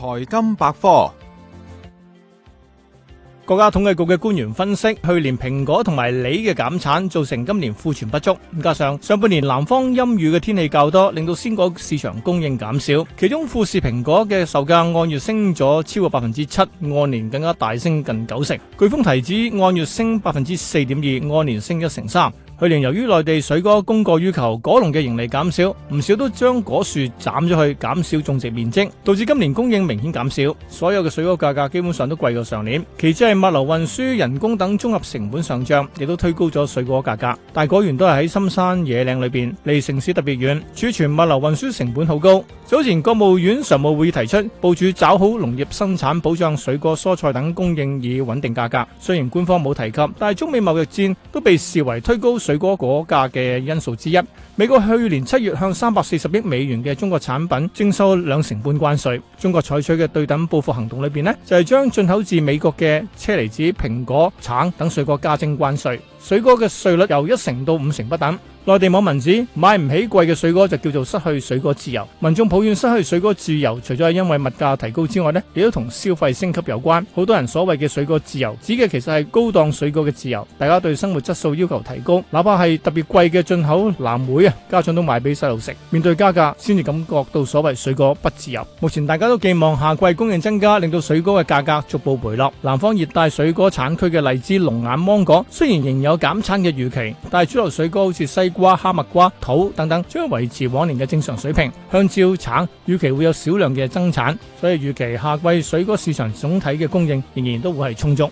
財金百科，國家統計局嘅官員分析，去年蘋果同埋梨嘅減產造成今年庫存不足，加上上半年南方陰雨嘅天氣較多，令到鮮果市場供應減少。其中富士蘋果嘅售價按月升咗超過百分之七，按年更加大升近九成。巨峰提子按月升百分之四點二，按年升一成三。去年由於內地水果供過於求，果農嘅盈利減少，唔少都將果樹斬咗去，減少種植面積，導致今年供應明顯減少，所有嘅水果價格基本上都貴過上年。其次係物流運輸、人工等綜合成本上漲，亦都推高咗水果價格。大果園都係喺深山野嶺裏面，離城市特別遠，儲存、物流、運輸成本好高。早前國務院常務會議提出部署，抓好農業生產保障水果、蔬菜等供應以穩定價格。雖然官方冇提及，但係中美貿易戰都被視為推高。水果果價嘅因素之一，美國去年七月向三百四十億美元嘅中國產品徵收兩成半關稅，中國採取嘅對等報復行動裏邊呢，就係將進口自美國嘅車厘子、蘋果、橙等水果加徵關稅，水果嘅稅率由一成到五成不等。內地網民指買唔起貴嘅水果就叫做失去水果自由，民眾抱怨失去水果自由，除咗係因為物價提高之外呢，亦都同消費升級有關。好多人所謂嘅水果自由指嘅其實係高檔水果嘅自由，大家對生活質素要求提高，哪怕係特別貴嘅進口藍莓啊，家長都買俾細路食。面對加價，先至感覺到所謂水果不自由。目前大家都寄望夏季供應增加，令到水果嘅價格逐步回落。南方熱帶水果產區嘅荔枝、龍眼、芒果雖然仍有減產嘅預期，但係主流水果好似西瓜、哈密瓜、桃等等，將維持往年嘅正常水平。香蕉、橙，預期會有少量嘅增產，所以預期夏季水果市場總體嘅供應仍然都會係充足。